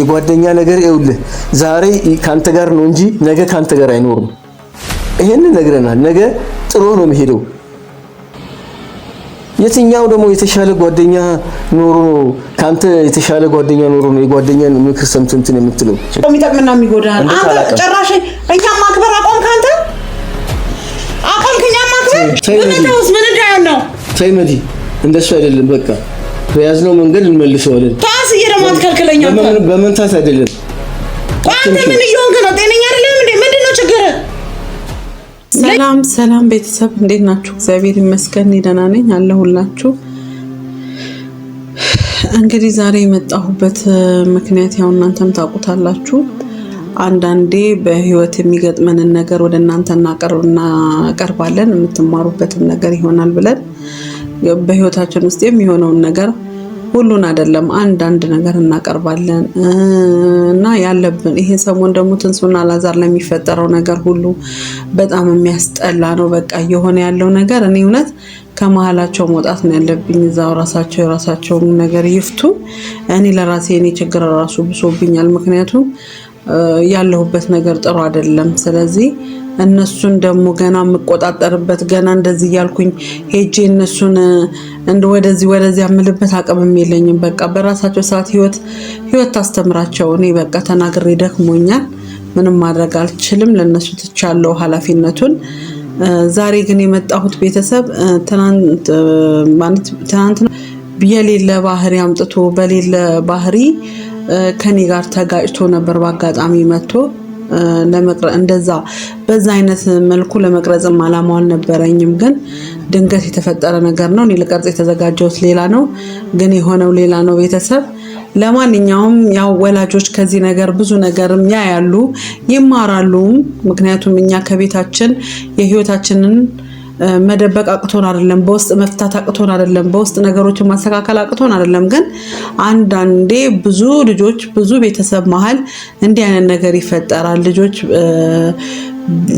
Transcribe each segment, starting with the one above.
የጓደኛ ነገር ይኸውልህ፣ ዛሬ ካንተ ጋር ነው እንጂ ነገ ካንተ ጋር አይኖርም። ይሄን ነግረናል። ነገ ጥሎ ነው የሚሄደው። የትኛው ደግሞ የተሻለ ጓደኛ ኖሮ ነው ካንተ የተሻለ ጓደኛ ኖሮ ነው የጓደኛን ምክር ሰምተህ እንትን የምትለው? የሚጠቅምና የሚጎዳ አንተ ጨራሽ እኛ ማክበር አቆም ካንተ አቆምክ፣ ማክበር ምን ነው? ተይ መዲ፣ እንደሱ አይደለም። በቃ በያዝነው መንገድ እንመልሰዋለን። ለምን በምን ታስ አይደለም። አንተ ምን እየሆንክ ነው? ጤነኛ አይደለም እንዴ? ምንድን ነው ችግር? ሰላም ሰላም ቤተሰብ እንዴት ናችሁ? እግዚአብሔር ይመስገን ደህና ነኝ አለሁላችሁ። እንግዲህ ዛሬ የመጣሁበት ምክንያት ያው እናንተም ታውቁታላችሁ። አንዳንዴ በህይወት የሚገጥመንን ነገር ወደ እናንተ እናቀርባለን፣ የምትማሩበትም ነገር ይሆናል ብለን በህይወታችን ውስጥ የሚሆነውን ነገር ሁሉን አይደለም አንዳንድ ነገር እናቀርባለን እና ያለብን ይሄ ሰሞን ደግሞ ትንሱና አላዛር ለሚፈጠረው ነገር ሁሉ በጣም የሚያስጠላ ነው። በቃ እየሆነ ያለው ነገር እኔ እውነት ከመሀላቸው መውጣት ነው ያለብኝ። እዛው ራሳቸው የራሳቸውን ነገር ይፍቱ። እኔ ለራሴ እኔ ችግር ራሱ ብሶብኛል። ምክንያቱም ያለሁበት ነገር ጥሩ አይደለም። ስለዚህ እነሱን ደግሞ ገና የምቆጣጠርበት ገና እንደዚህ እያልኩኝ ሄጄ እነሱን ወደዚህ ወደዚህ ያምልበት አቅምም የለኝም። በቃ በራሳቸው ሰዓት ህይወት ህይወት ታስተምራቸው። እኔ በቃ ተናግሬ ደክሞኛል፣ ምንም ማድረግ አልችልም። ለእነሱ ትቻለው ኃላፊነቱን። ዛሬ ግን የመጣሁት ቤተሰብ ትናንት የሌለ ባህሪ አምጥቶ በሌለ ባህሪ ከኔ ጋር ተጋጭቶ ነበር። በአጋጣሚ መጥቶ እንደዛ በዛ አይነት መልኩ ለመቅረጽም አላማው አልነበረኝም። ግን ድንገት የተፈጠረ ነገር ነው። እኔ ልቀርጽ የተዘጋጀሁት ሌላ ነው፣ ግን የሆነው ሌላ ነው። ቤተሰብ ለማንኛውም ያው ወላጆች ከዚህ ነገር ብዙ ነገርም ያያሉ፣ ይማራሉም ምክንያቱም እኛ ከቤታችን የህይወታችንን መደበቅ አቅቶን አይደለም፣ በውስጥ መፍታት አቅቶን አይደለም፣ በውስጥ ነገሮችን ማስተካከል አቅቶን አይደለም። ግን አንዳንዴ ብዙ ልጆች ብዙ ቤተሰብ መሀል እንዲህ አይነት ነገር ይፈጠራል። ልጆች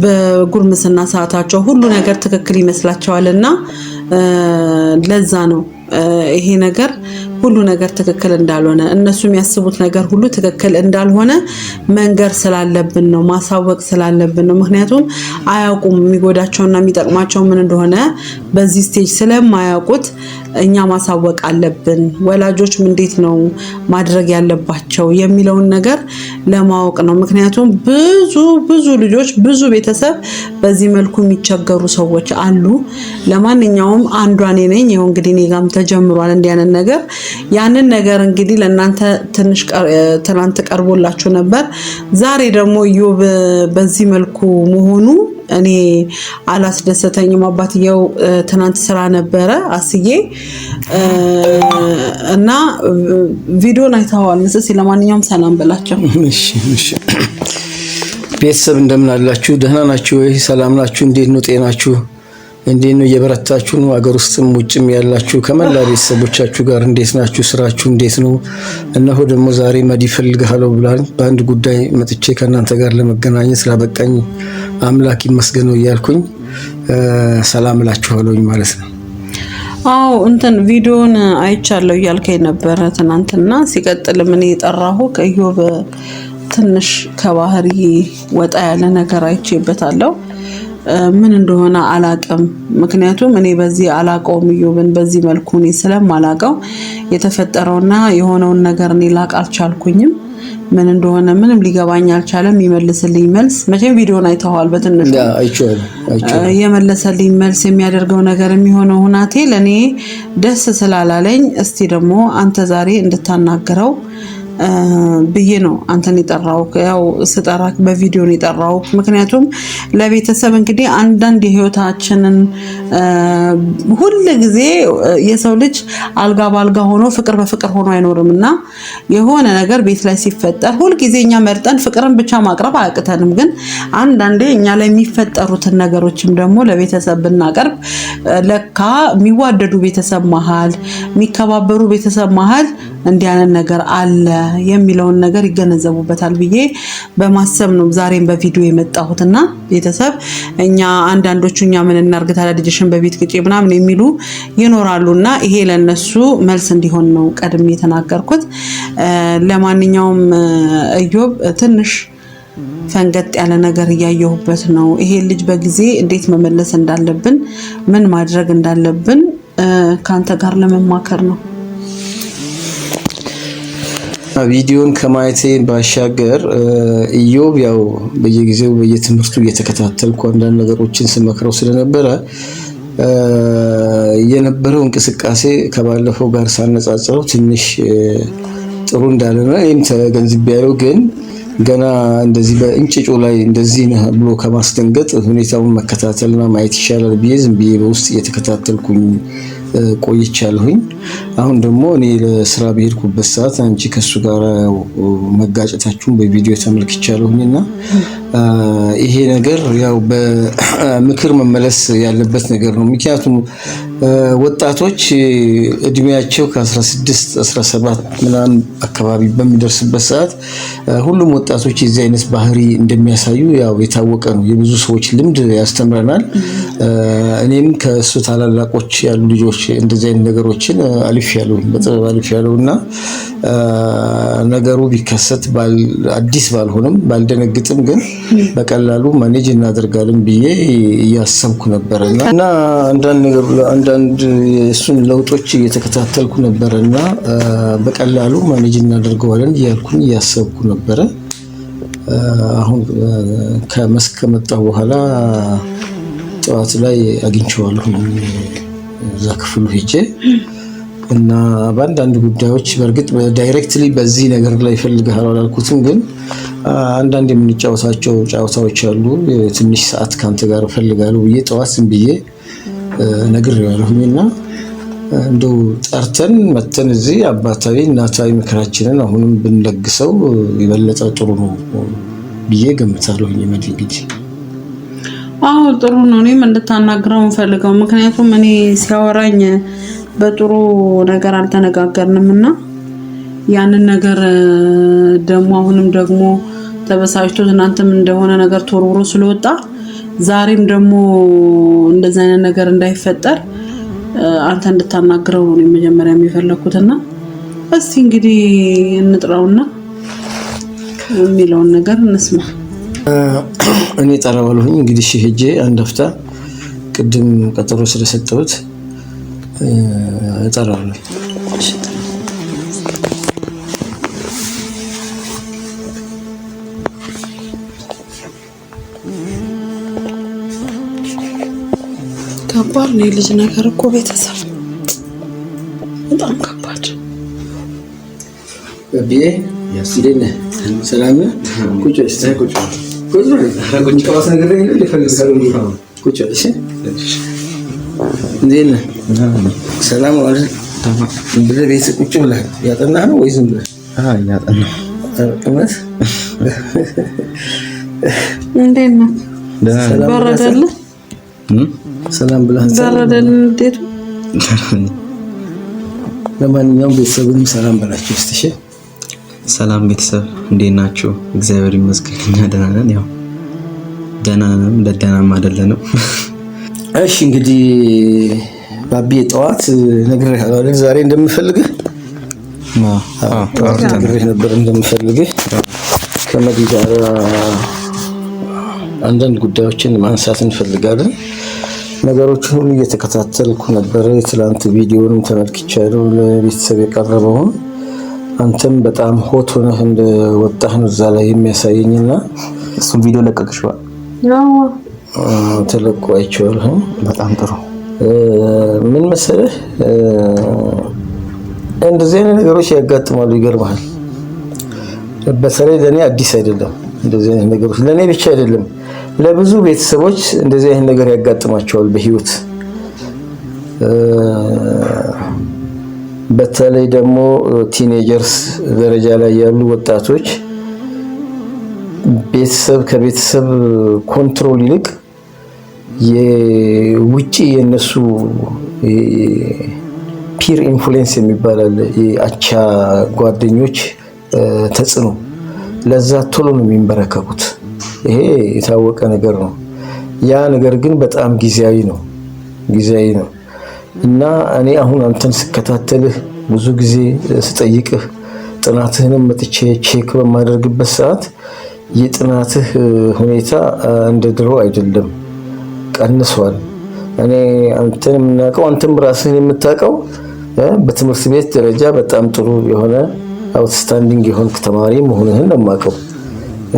በጉርምስና ሰዓታቸው ሁሉ ነገር ትክክል ይመስላቸዋል እና ለዛ ነው ይሄ ነገር ሁሉ ነገር ትክክል እንዳልሆነ እነሱ የሚያስቡት ነገር ሁሉ ትክክል እንዳልሆነ መንገር ስላለብን ነው፣ ማሳወቅ ስላለብን ነው። ምክንያቱም አያውቁም የሚጎዳቸውና የሚጠቅማቸው ምን እንደሆነ በዚህ ስቴጅ ስለማያውቁት እኛ ማሳወቅ አለብን። ወላጆች እንዴት ነው ማድረግ ያለባቸው የሚለውን ነገር ለማወቅ ነው። ምክንያቱም ብዙ ብዙ ልጆች ብዙ ቤተሰብ በዚህ መልኩ የሚቸገሩ ሰዎች አሉ። ለማንኛውም አንዷ እኔ ነኝ። ይኸው እንግዲህ እኔ ጋርም ተጀምሯል እንዲያንን ነገር ያንን ነገር እንግዲህ ለእናንተ ትንሽ ትናንት ቀርቦላችሁ ነበር። ዛሬ ደግሞ እዮብ በዚህ መልኩ መሆኑ እኔ አላስደሰተኝም። አባትየው ትናንት ስራ ነበረ አስዬ እና ቪዲዮን አይተኸዋል ምስል ለማንኛውም ሰላም በላቸው። ቤተሰብ እንደምን አላችሁ? ደህና ናችሁ ወይ? ሰላም ናችሁ? እንዴት ነው ጤናችሁ? እንዴት ነው? እየበረታችሁ ነው? አገር ውስጥም ውጭም ያላችሁ ከመላ ቤተሰቦቻችሁ ጋር እንዴት ናችሁ? ስራችሁ እንዴት ነው? እነሆ ደግሞ ዛሬ መዲ ፈልግሃለሁ ብላኝ በአንድ ጉዳይ መጥቼ ከእናንተ ጋር ለመገናኘት ስላበቃኝ አምላክ ይመስገነው እያልኩኝ ሰላም እላችኋለሁኝ ማለት ነው። አዎ እንትን ቪዲዮን አይቻለሁ እያልከኝ ነበረ ትናንትና። ሲቀጥልም እኔ የጠራሁ ከዮብ ትንሽ ከባህሪ ወጣ ያለ ነገር አይቼበታለሁ። ምን እንደሆነ አላቅም። ምክንያቱም እኔ በዚህ አላቀውም እዮብን በዚህ መልኩ እኔ ስለማላቀው የተፈጠረውና የሆነውን ነገር እኔ ላቅ አልቻልኩኝም። ምን እንደሆነ ምንም ሊገባኝ አልቻለም። ይመልስልኝ መልስ መቼም ቪዲዮን አይተዋል። በትንሹ የመለሰልኝ መልስ የሚያደርገው ነገር የሚሆነው ሁናቴ ለእኔ ደስ ስላላለኝ እስቲ ደግሞ አንተ ዛሬ እንድታናግረው ብዬ ነው አንተን የጠራው። ያው ስጠራ በቪዲዮ ነው የጠራው። ምክንያቱም ለቤተሰብ እንግዲህ አንዳንድ የህይወታችንን ሁል ጊዜ የሰው ልጅ አልጋ በአልጋ ሆኖ ፍቅር በፍቅር ሆኖ አይኖርም እና የሆነ ነገር ቤት ላይ ሲፈጠር ሁልጊዜ እኛ መርጠን ፍቅርን ብቻ ማቅረብ አያቅተንም። ግን አንዳንዴ እኛ ላይ የሚፈጠሩትን ነገሮችም ደግሞ ለቤተሰብ ብናቀርብ ለካ የሚዋደዱ ቤተሰብ መሀል፣ የሚከባበሩ ቤተሰብ መሀል እንዲህ አይነት ነገር አለ የሚለውን ነገር ይገነዘቡበታል ብዬ በማሰብ ነው ዛሬም በቪዲዮ የመጣሁት እና ቤተሰብ እኛ አንዳንዶቹ እኛ ምን እናርግ ታዲያ ልጅሽን በቤት ቅጭ ምናምን የሚሉ ይኖራሉ እና ይሄ ለነሱ መልስ እንዲሆን ነው ቀድሜ የተናገርኩት። ለማንኛውም እዮብ ትንሽ ፈንገጥ ያለ ነገር እያየሁበት ነው። ይሄ ልጅ በጊዜ እንዴት መመለስ እንዳለብን ምን ማድረግ እንዳለብን ከአንተ ጋር ለመማከር ነው። ቪዲዮን ከማየቴ ባሻገር ኢዮብ ያው በየጊዜው በየትምህርቱ እየተከታተልኩ አንዳንድ ነገሮችን ስመክረው ስለነበረ የነበረው እንቅስቃሴ ከባለፈው ጋር ሳነጻጽረው ትንሽ ጥሩ እንዳለና ይህም ተገንዝቤያለሁ። ግን ገና እንደዚህ በእንጭጩ ላይ እንደዚህ ነህ ብሎ ከማስደንገጥ ሁኔታውን መከታተልና ማየት ይሻላል ብዬ ዝም ብዬ በውስጥ እየተከታተልኩኝ ቆይቻለሁኝ። አሁን ደግሞ እኔ ለስራ በሄድኩበት ሰዓት አንቺ ከሱ ጋር መጋጨታችሁን በቪዲዮ ተመልክቻለሁኝ እና ይሄ ነገር ያው በምክር መመለስ ያለበት ነገር ነው። ምክንያቱም ወጣቶች እድሜያቸው ከ16 17 ምናምን አካባቢ በሚደርስበት ሰዓት ሁሉም ወጣቶች የዚህ አይነት ባህሪ እንደሚያሳዩ ያው የታወቀ ነው። የብዙ ሰዎች ልምድ ያስተምረናል። እኔም ከእሱ ታላላቆች ያሉ ልጆች እንደዚህ አይነት ነገሮችን አልፍ ያለው በጥበብ አልፍ ያለው እና ነገሩ ቢከሰት አዲስ ባልሆንም ባልደነግጥም፣ ግን በቀላሉ ማኔጅ እናደርጋለን ብዬ እያሰብኩ ነበረ እና አንዳንድ አንዳንድ የእሱን ለውጦች እየተከታተልኩ ነበረ እና በቀላሉ ማኔጅ እናደርገዋለን እያልኩኝ እያሰብኩ ነበረ። አሁን ከመስክ ከመጣሁ በኋላ ጠዋት ላይ አግኝቼዋለሁኝ እዛ ክፍሉ ሄጄ እና በአንዳንድ ጉዳዮች በእርግጥ ዳይሬክትሊ በዚህ ነገር ላይ ይፈልግሃል አላልኩትም፣ ግን አንዳንድ የምንጫወታቸው ጫወታዎች አሉ። ትንሽ ሰዓት ከአንተ ጋር እፈልጋለሁ ብዬ ጠዋት ዝም ብዬ ነግሬዋለሁኝ እና እንደው ጠርተን መተን እዚህ አባታዊ እናታዊ ምክራችንን አሁንም ብንለግሰው የበለጠ ጥሩ ነው ብዬ ገምታለሁኝ። መድ እንግዲህ አዎ ጥሩ ነው። እኔም እንድታናግረው እንፈልገው። ምክንያቱም እኔ ሲያወራኝ በጥሩ ነገር አልተነጋገርንም እና ያንን ነገር ደግሞ አሁንም ደግሞ ተበሳጭቶ ትናንትም እንደሆነ ነገር ተወርውሮ ስለወጣ ዛሬም ደግሞ እንደዚህ አይነት ነገር እንዳይፈጠር አንተ እንድታናግረው ነው የመጀመሪያ የሚፈለግኩትና እስቲ እንግዲህ እንጥራውና የሚለውን ነገር እንስማ። እኔ ጠረበልሁኝ እንግዲህ ሺህ ሄጄ አንድ አፍታ ቅድም ቀጠሮ ስለሰጠሁት ጠረበልሁኝ ከባድ ነው የልጅ ነገር እኮ ቤተሰብ በጣም ከባድ። ሰላም ዋልክ? ብለህ ቤት ቁጭ ብለህ ያጠናህ ነው ወይስ ዝም ብለህ ያጠናህ? እውነት እንዴት ነው? በረደልህ? ሰላም ብላ ለማንኛውም ቤተሰብንም ሰላም በላቸው። ስትሽ ሰላም ቤተሰብ እንዴት ናችሁ? እግዚአብሔር ይመስገን እኛ ደህና ነን። ያው ደህና ነን፣ ደህናም አይደለንም። እሺ እንግዲህ ባቤ ጠዋት ነግሬሃለሁ አይደል? ዛሬ እንደምፈልግህ ጠዋት ነግሬህ ነበር እንደምፈልግህ ከመዲ ጋር አንዳንድ ጉዳዮችን ማንሳት እንፈልጋለን። ነገሮችን እየተከታተልኩ ነበረ። የትላንት ቪዲዮንም ተመልክቻለሁ ለቤተሰብ የቀረበውን አንተም በጣም ሆት ሆነህ እንደወጣህ ነው እዛ ላይ እና እሱም ቪዲዮ ለቀቅሽዋል? ተለቁ አይቼዋለሁ። በጣም ጥሩ። ምን መሰለህ እንደዚህ አይነት ነገሮች ያጋጥማሉ። ይገርመሃል። በተለይ ለእኔ አዲስ አይደለም እንደዚህ አይነት ነገሮች ለእኔ ብቻ አይደለም ለብዙ ቤተሰቦች እንደዚህ አይነት ነገር ያጋጥማቸዋል በህይወት በተለይ ደግሞ ቲኔጀርስ ደረጃ ላይ ያሉ ወጣቶች ቤተሰብ ከቤተሰብ ኮንትሮል ይልቅ የውጪ የነሱ ፒር ኢንፍሉዌንስ የሚባላል የአቻ ጓደኞች ተጽዕኖ፣ ለዛ ቶሎ ነው የሚንበረከኩት። ይሄ የታወቀ ነገር ነው። ያ ነገር ግን በጣም ጊዜያዊ ነው ጊዜያዊ ነው እና እኔ አሁን አንተን ስከታተልህ ብዙ ጊዜ ስጠይቅህ ጥናትህንም መጥቼ ቼክ በማደርግበት ሰዓት የጥናትህ ሁኔታ እንደ ድሮ አይደለም፣ ቀንሷል። እኔ አንተን የምናውቀው አንተም ራስህን የምታውቀው በትምህርት ቤት ደረጃ በጣም ጥሩ የሆነ አውትስታንዲንግ የሆንክ ተማሪ መሆንህን ነው የማውቀው።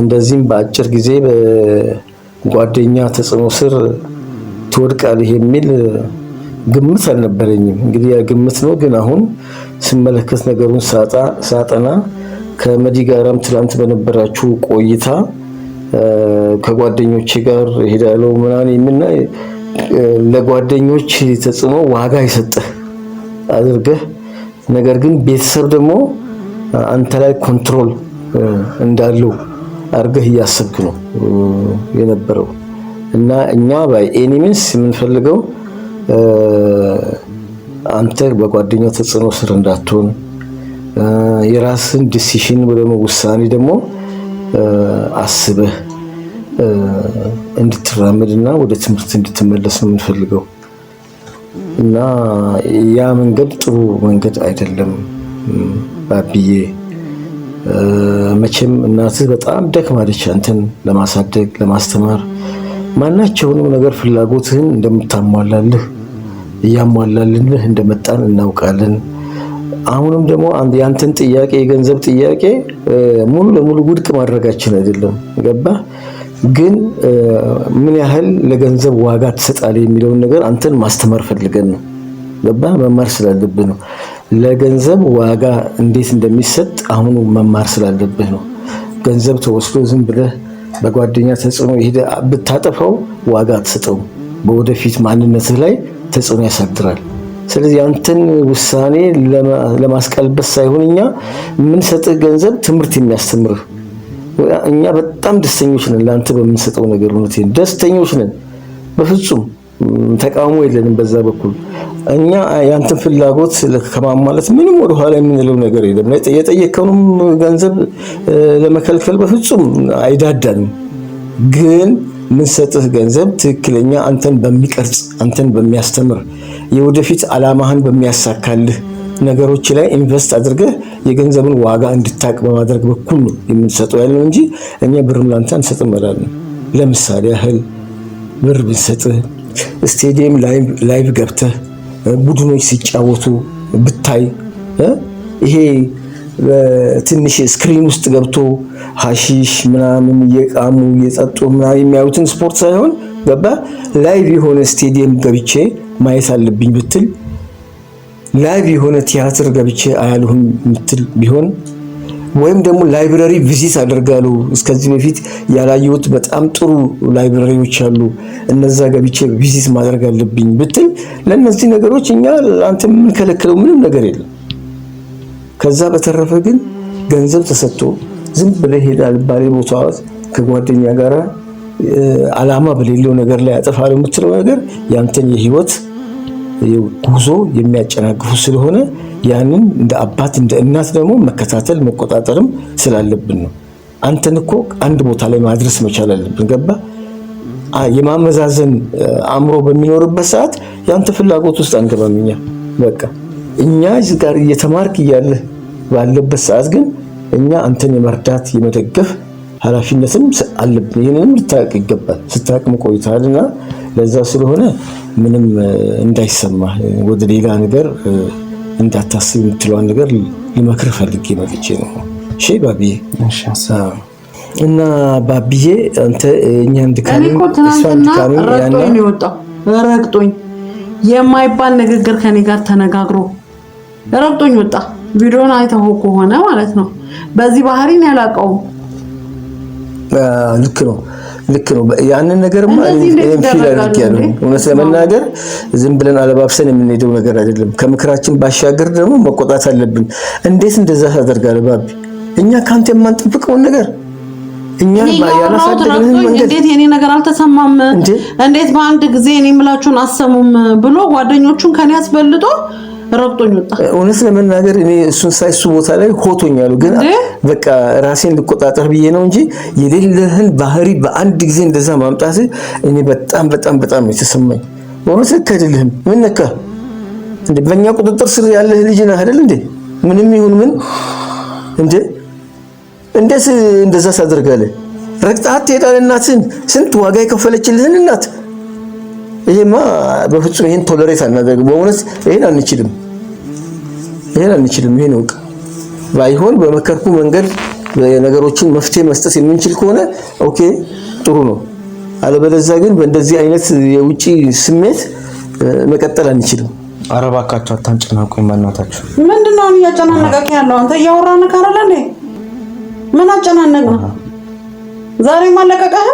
እንደዚህም በአጭር ጊዜ በጓደኛ ተጽዕኖ ስር ትወድቃለህ የሚል ግምት አልነበረኝም። እንግዲህ ያ ግምት ነው። ግን አሁን ስመለከት ነገሩን ሳጠና ከመዲ ጋራም ትላንት በነበራችሁ ቆይታ ከጓደኞቼ ጋር ሄዳለው ምናምን የምና ለጓደኞች ተጽዕኖ ዋጋ የሰጠህ አድርገህ ነገር ግን ቤተሰብ ደግሞ አንተ ላይ ኮንትሮል እንዳለው አርገህ እያሰብክ ነው የነበረው እና እኛ ኤኒሚንስ የምንፈልገው አንተ በጓደኛው ተጽዕኖ ስር እንዳትሆን የራስን ዲሲሽን ወይም ውሳኔ ደግሞ አስበህ እንድትራመድ እና ወደ ትምህርት እንድትመለስ ነው የምንፈልገው እና ያ መንገድ ጥሩ መንገድ አይደለም ባብዬ መቼም እናትህ በጣም ደክማለች አንተን ለማሳደግ ለማስተማር ማናቸውንም ነገር ፍላጎትህን እንደምታሟላልህ እያሟላልንህ እንደመጣን እናውቃለን። አሁንም ደግሞ የአንተን ጥያቄ የገንዘብ ጥያቄ ሙሉ ለሙሉ ውድቅ ማድረጋችን አይደለም። ገባ ግን ምን ያህል ለገንዘብ ዋጋ ትሰጣለህ የሚለውን ነገር አንተን ማስተማር ፈልገን ነው። ገባ መማር ስላለብህ ነው። ለገንዘብ ዋጋ እንዴት እንደሚሰጥ አሁኑ መማር ስላለብህ ነው። ገንዘብ ተወስዶ ዝም ብለህ በጓደኛ ተጽዕኖ ሄደህ ብታጠፋው ዋጋ አትሰጠው። በወደፊት ማንነትህ ላይ ተጽዕኖ ያሳድራል። ስለዚህ ያንተን ውሳኔ ለማስቀልበስ ሳይሆን እኛ የምንሰጥህ ገንዘብ ትምህርት የሚያስተምርህ እኛ በጣም ደስተኞች ነን። ለአንተ በምንሰጠው ነገር እውነቴን ደስተኞች ነን በፍጹም ተቃውሞ የለንም። በዛ በኩል እኛ ያንተ ፍላጎት ከማሟላት ምንም ኋላ የምንለው ነገር የለም። የጠየቀውንም ገንዘብ ለመከልከል በፍጹም አይዳዳንም። ግን ምንሰጥህ ገንዘብ ትክክለኛ አንተን በሚቀርጽ አንተን በሚያስተምር የወደፊት አላማህን በሚያሳካልህ ነገሮች ላይ ኢንቨስት አድርገህ የገንዘብን ዋጋ እንድታቅ በማድረግ በኩል ነው የምንሰጠው ያለው እንጂ እኛ ብርም ላንተ አንሰጥም። ለምሳሌ ያህል ብር ብንሰጥህ ስቴዲየም ላይቭ ገብተህ ቡድኖች ሲጫወቱ ብታይ ይሄ ትንሽ ስክሪን ውስጥ ገብቶ ሀሺሽ ምናምን እየቃሙ እየጠጡ ምናምን የሚያዩትን ስፖርት ሳይሆን ገባ ላይቭ የሆነ ስቴዲየም ገብቼ ማየት አለብኝ ብትል ላይቭ የሆነ ቲያትር ገብቼ አያልሁም ምትል ቢሆን ወይም ደግሞ ላይብረሪ ቪዚት አደርጋሉ። እስከዚህ በፊት ያላየሁት በጣም ጥሩ ላይብረሪዎች አሉ፣ እነዛ ገብቼ ቪዚት ማድረግ አለብኝ ብትል ለእነዚህ ነገሮች እኛ ለአንተ የምንከለክለው ምንም ነገር የለም። ከዛ በተረፈ ግን ገንዘብ ተሰጥቶ ዝም ብለህ ሄዳ ባሌ ቦታዋት ከጓደኛ ጋር አላማ በሌለው ነገር ላይ ያጠፋል የምትለው ነገር ያንተን የህይወት ጉዞ የሚያጨናግፉ ስለሆነ ያንን እንደ አባት እንደ እናት ደግሞ መከታተል መቆጣጠርም ስላለብን ነው። አንተን እኮ አንድ ቦታ ላይ ማድረስ መቻል አለብን። ገባ የማመዛዘን አእምሮ በሚኖርበት ሰዓት የአንተ ፍላጎት ውስጥ አንገባም። እኛ በቃ እኛ እዚህ ጋር እየተማርክ እያለህ ባለበት ሰዓት ግን እኛ አንተን የመርዳት የመደገፍ ኃላፊነትም አለብን። ይህንንም ልታቅ ይገባል። ስታቅም ቆይተሃልና ለዛ ስለሆነ ምንም እንዳይሰማ ወደ ሌላ ነገር እንዳታስብ የምትለዋን ነገር ልመክርህ ፈልጌ መጥቼ ነው። እሺ ባቢዬ እና ባቢዬ አንተ እኛ ድካሜ ረግጦኝ የማይባል ንግግር ከኔ ጋር ተነጋግሮ ረግጦኝ ወጣ። ቪዲዮን አይተው ከሆነ ማለት ነው። በዚህ ባህሪን ያላቀውም ልክ ነው። ልክ ነው። ያንን ነገር እኔም ፊል አድርጌያለሁ። እውነት ለመናገር ዝም ብለን አለባብሰን የምንሄደው ነገር አይደለም። ከምክራችን ባሻገር ደግሞ መቆጣት አለብን። እንዴት እንደዛ ታደርጋለህ ባቢ? እኛ ከአንተ የማንጠብቀውን ነገር እኛ እንዴት የኔ ነገር አልተሰማም? እንዴት በአንድ ጊዜ እኔ የምላችሁን አሰሙም ብሎ ጓደኞቹን ከኔ አስበልጦ ረግጦኝ ወጣ። እውነት ለመናገር እኔ እሱን ሳይ እሱ ቦታ ላይ ሆቶኛሉ። ግን በቃ ራሴን ልቆጣጠር ብዬ ነው እንጂ የሌለህን ባህሪ በአንድ ጊዜ እንደዛ ማምጣት እኔ በጣም በጣም በጣም ነው የተሰማኝ። እውነት ልክ አይደለህም። ምን ነካ? በእኛ ቁጥጥር ስር ያለህ ልጅ ነህ አይደል እንዴ? ምንም ይሁን ምን እንዴ እንዴት እንደዛ ታደርጋለህ? ረግጣት ትሄዳለህ። እናትህን ስንት ዋጋ የከፈለችልህን እናት ይሄማ በፍጹም ይሄን ቶለሬት አናደርግም። በእውነት ይሄን አንችልም። ይሄን አንችልም። ይሄን እውቅ ባይሆን በመከርኩ መንገድ ነገሮችን መፍትሄ መስጠት የምንችል ከሆነ ኦኬ ጥሩ ነው። አለበለዚያ ግን በእንደዚህ አይነት የውጪ ስሜት መቀጠል አንችልም። ኧረ እባካችሁ አታንጨናቁኝ፣ በእናታችሁ ምንድን ነው እያጨናነቀ ያለው? አንተ እያወራን ካረለ እንዴ ምን አጨናነቅ ነው? ዛሬ ማለቀቀህ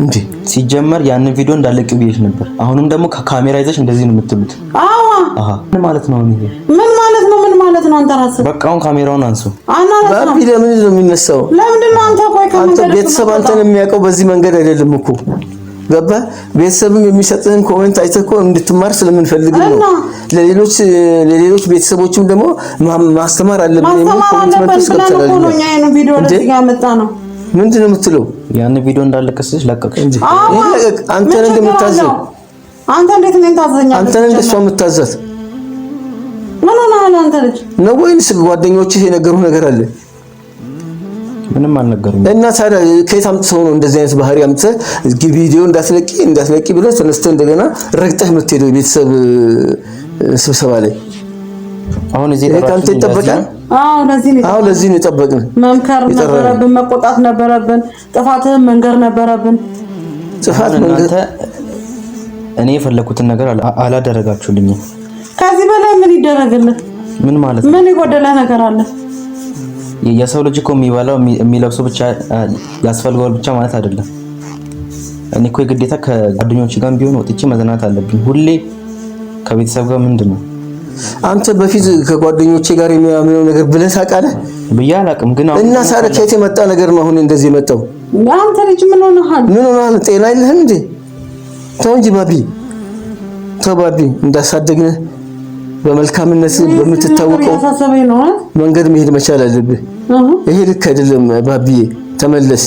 እንዴ? ሲጀመር ያንን ቪዲዮ እንዳለቅ ብዬሽ ነበር። አሁንም ደግሞ ከካሜራ ይዘሽ እንደዚህ ነው የምትሉት? አዎ ምን ማለት ነው? ምን ማለት ነው። አንተ ራስህ በቃ አሁን ካሜራውን አንሱ። ለምን ነው የሚነሳው? ለምንድን ነው አንተ? ቆይ ቤተሰብ አንተን የሚያውቀው በዚህ መንገድ አይደለም እኮ ገባህ? ቤተሰብም የሚሰጥህን ኮሜንት አይተህ እኮ እንድትማር ስለምንፈልግ ነው። ለሌሎች ለሌሎች ቤተሰቦችም ደግሞ ማስተማር አለብን የሚል ኮሜንት መንፈስ ገብቻለሁ። ነው ምንድን ነው የምትለው? ያን ቪዲዮ እንዳለቀስሽ ለቀቅሽ እንጂ አንተን እንደምታዘው አንተ እንዴት ነው የምታዘኛለህ? አንተን እንደሷ የምታዘት ምን ሆነ አንተ ልጅ ነው ወይንስ ጓደኞችህ የነገሩህ ነገር አለ? ምንም አልነገሩኝ። እና ታዲያ ከየት አምጥተው ነው እንደዚህ አይነት ባህሪ አምጥተህ ቪዲዮ እንዳትለቂ እንዳትለቂ ብለህ ተነስተህ እንደገና ረግጠህ የምትሄደው የቤተሰብ ስብሰባ ላይ አሁን እዚህ ከአንተ ይጠበቃል? አዎ ለዚህ ነው አዎ ለዚህ ነው የጠበቅን። መምከር ነበረብን፣ መቆጣት ነበረብን፣ ጥፋትህን መንገር ነበረብን። ጥፋት መንገር እኔ የፈለኩትን ነገር አላደረጋችሁልኝም። ከዚህ በላይ ምን ይደረግለት? ምን ማለት ነው? ምን የጎደለ ነገር አለ? የሰው ልጅ እኮ የሚበላው የሚለብሰው ብቻ ያስፈልገዋል ብቻ ማለት አይደለም። እኔ እኮ የግዴታ ከጓደኞች ጋር ቢሆን ወጥቼ መዝናናት አለብኝ። ሁሌ ከቤተሰብ ጋር ምንድን ነው? አንተ በፊት ከጓደኞቼ ጋር የሚያምነው ነገር ብለህ ታውቃለህ? ብዬ አላውቅም። ግን እና ሳለ ከየት የመጣ ነገር ነው? አሁን እንደዚህ የመጣው አንተ ልጅ ምን ሆነሃል? ምን ሆነሃል? ጤና የለህም እንዴ? ተው እንጂ ባቢ፣ ተው ባቢ በመልካምነት በምትታወቀው መንገድ መሄድ መቻል አለብህ። ይሄ ልክ አይደለም ባብዬ፣ ተመለስ፣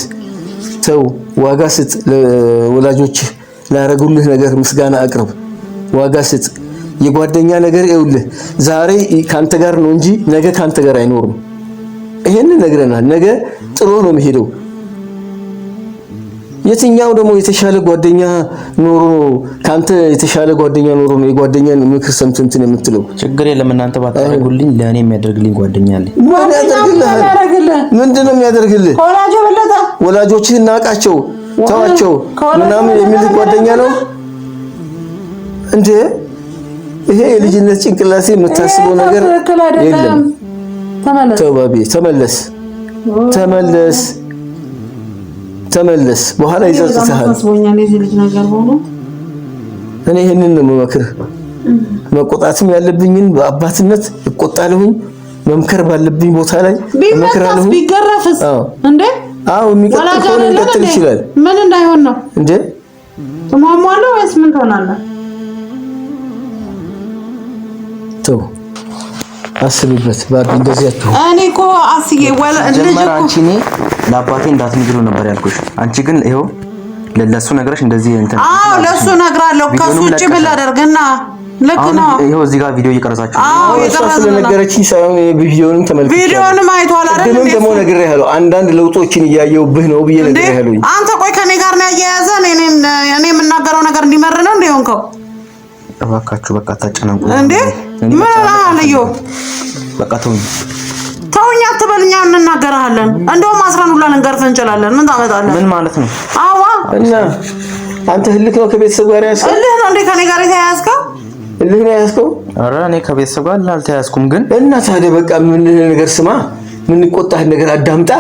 ተው፣ ዋጋ ስጥ። ለወላጆችህ ላረጉልህ ነገር ምስጋና አቅርብ፣ ዋጋ ስጥ። የጓደኛ ነገር ይውልህ፣ ዛሬ ካንተ ጋር ነው እንጂ ነገ ካንተ ጋር አይኖርም። ይሄንን ነግረናል። ነገ ጥሎ ነው የሚሄደው። የትኛው ደግሞ የተሻለ ጓደኛ ኖሮ ካንተ ከአንተ የተሻለ ጓደኛ ኖሮ ነው የጓደኛን ምክር ሰምተህ እንትን የምትለው? ችግር የለም እናንተ ባታደርጉልኝ ለእኔ የሚያደርግልኝ ጓደኛ አለ። ምን ያደርግልህ? ምንድን ነው የሚያደርግልህ? ወላጆችህ እናቃቸው ተዋቸው ምናምን የሚል ጓደኛ ነው እንዴ? ይሄ የልጅነት ጭንቅላሴ የምታስበው ነገር የለም። ተመለስ ተመለስ ተመለስ ተመለስ፣ በኋላ ይጸጽትሃል። እኔ ይህንን ነው የምመክርህ። መቆጣትም ያለብኝን በአባትነት እቆጣለሁኝ። መምከር ባለብኝ ቦታ ላይ እመክራለሁ። ቢገረፍስ እንዴ? አዎ የሚቀጥል ከሆነ ይቀጥል ይችላል። ምን እንዳይሆን ነው እንዴ? ትሟሟለህ ወይስ ምን ትሆናለህ? ተው አስብበት ባቢ እንደዚህ አትሁን። እኔ እኮ አስዬ ወላ አንቺ እኔ ለአባቴ እንዳትነግሩ ነበር ያልኩሽ። አንቺ ግን ይኸው ለሱ ነግረሽ እንደዚህ እንትን። አዎ ለሱ ነግራለሁ። ከሱ ውጪ ምን ላደርግና ልክ ነው። ይኸው እዚህ ጋር ቪዲዮ እየቀረጻችሁ አዎ፣ ስለነገረችኝ ሳይሆን ቪዲዮንም ተመልክቼ ቪዲዮንም አይቷል አይደል? ምን ደግሞ ነግሬሃለሁ። አንዳንድ ለውጦችን እያየሁብህ ነው ብዬ ነግሬሃለሁ። አንተ ቆይ ከኔ ጋር ነው ያያያዘ። እኔ የምናገረው ነገር እንዲመር ነው እንዴ ሆንከው? እባካችሁ በቃ ታጨናንቁ እንዴ ምን አላለሁ በቃ ተውኝ ተውኝ አትበልኛ፣ እንናገርሃለን። እንደውም አስረን ሁላ ልንገርፍ እንችላለን። ምን ታመጣለህ? ምን ማለት ነው? አዋ እና አንተ ህልክ ነው ከቤተሰብ ጋር ያዝከው? ህልህ ነው እንዴ ከኔ ጋር የተያያዝከው? ህልህ ነው ያዝከው? ኧረ እኔ ከቤተሰብ ጋር አልተያያዝኩም። ግን እና ታዲያ በቃ ምን ነገር ስማ፣ ምን ቆጣህ ነገር አዳምጣ።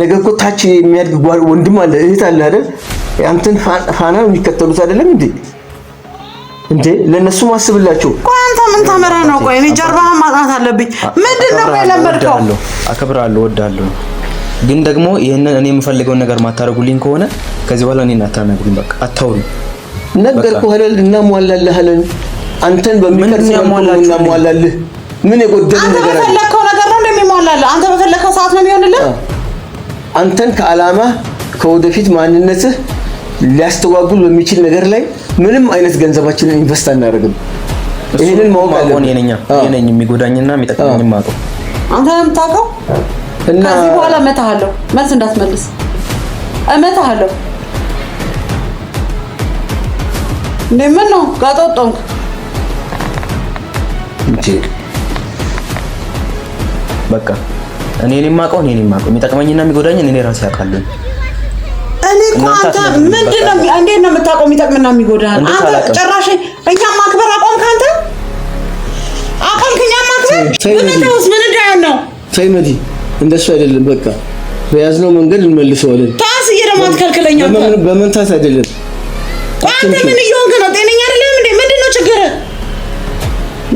ነገ እኮ ታች የሚያድግ ወንድም አለ እህት አለ አይደል? ያንተን ፋና የሚከተሉት አይደለም እንዴ? እንዴ ለነሱ ማስብላችሁ። ቆይ አንተ ምን ታመራ ነው? ቆይ እኔ ጀርባህን ማጥናት አለብኝ። ምንድን ነው ቆይ አከብራለሁ፣ እወዳለሁ፣ ግን ደግሞ ይህንን እኔ የምፈልገውን ነገር ማታረጉልኝ ከሆነ ከዚህ በኋላ እኔን አታናግሩኝ። በቃ አታውሩ። ነገርኩህ አይደል? እናሟላለህልን አንተን በሚቀርጽ እናሟላልህ። ምን የጎደለ ነገር አለ? አንተ ነገር ነው እንደሚሟላልህ አንተ በፈለከው ሰዓት ነው የሚሆንልህ። አንተን ከዓላማ ከወደፊት ማንነትህ ሊያስተጓጉል በሚችል ነገር ላይ ምንም አይነት ገንዘባችንን ኢንቨስት አናደርግም። ይህንን ማወቅ አለብን። ነኝ የሚጎዳኝና የሚጠቅመኝ ማቀው አንተ የምታውቀው እና ከዚህ በኋላ እመታሃለሁ። መልስ እንዳትመልስ እመታሃለሁ። እንዴ ምን ነው ጋጠ በቃ እኔ እኔ የማውቀው እኔ የማውቀው የሚጠቅመኝና የሚጎዳኝ እኔ ራሴ አውቃለሁ። እኔ እኮ አንተ ምንድን ነው እንዴት ነው የምታውቀው? የሚጠቅምና የሚጎዳል አንተ ጭራሽ እኛም ማክበር አቆምክ። አንተ አቆምክ እኛም ማክበር። ምን እንዳያን ነው? ተይ መዲ፣ እንደሱ አይደለም። በቃ በያዝነው መንገድ እንመልሰዋለን። ታስዬ ደግሞ አትከልክለኛ። በመምታት አይደለም። አንተ ምን እየሆንክ ነው? ጤነኛ አይደለም እንዴ? ምንድን ነው ችግር?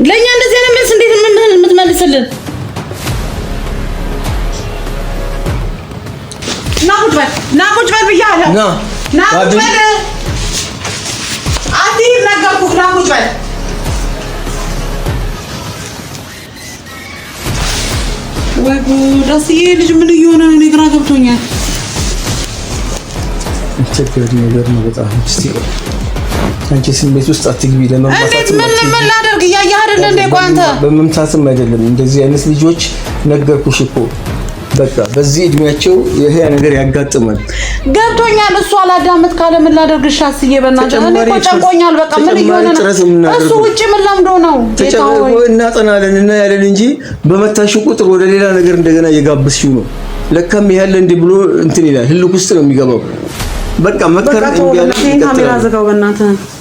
ለእኛ እንደዚህ አይነት መልስ እንዴት የምትመልስልን? በል ና ቁጭ በል ብያለሁ። ና ቁጭ በል አትሂድ፣ ነገርኩህ። ና ቁጭ በል ወይ ጉድ! አስዬ ልጅ ምን እየሆነ ነው? እኔ ግራ ገብቶኛል። ቸገር ነገር ነው በጣም እስቲ አንቺ ስሜት ውስጥ አትግቢ። ለመምታት ምን ምን ላደርግ እያየህ እንዴ? ቆይ አንተ በመምታትም አይደለም እንደዚህ አይነት ልጆች ነገርኩሽ እኮ በቃ በዚህ እድሜያቸው ይሄ ነገር ያጋጥማል። ገብቶኛል። እሱ አላዳመት ካለ ምን ላደርግሽ? አስዬ በእናትህ እኔ እኮ ጨንቆኛል። በቃ ምን እየሆነ ነው? እሱ ውጪ ምን ለምዶ ነው? እናጠናለን እንጂ በመታሽ ቁጥር ወደ ሌላ ነገር እንደገና እየጋበዝሽው ነው። ለካም ያለ ብሎ እንትን ይላል። ህልክ ውስጥ ነው የሚገባው። በቃ እንዲያለ ካሜራ ዘጋው በእናትህ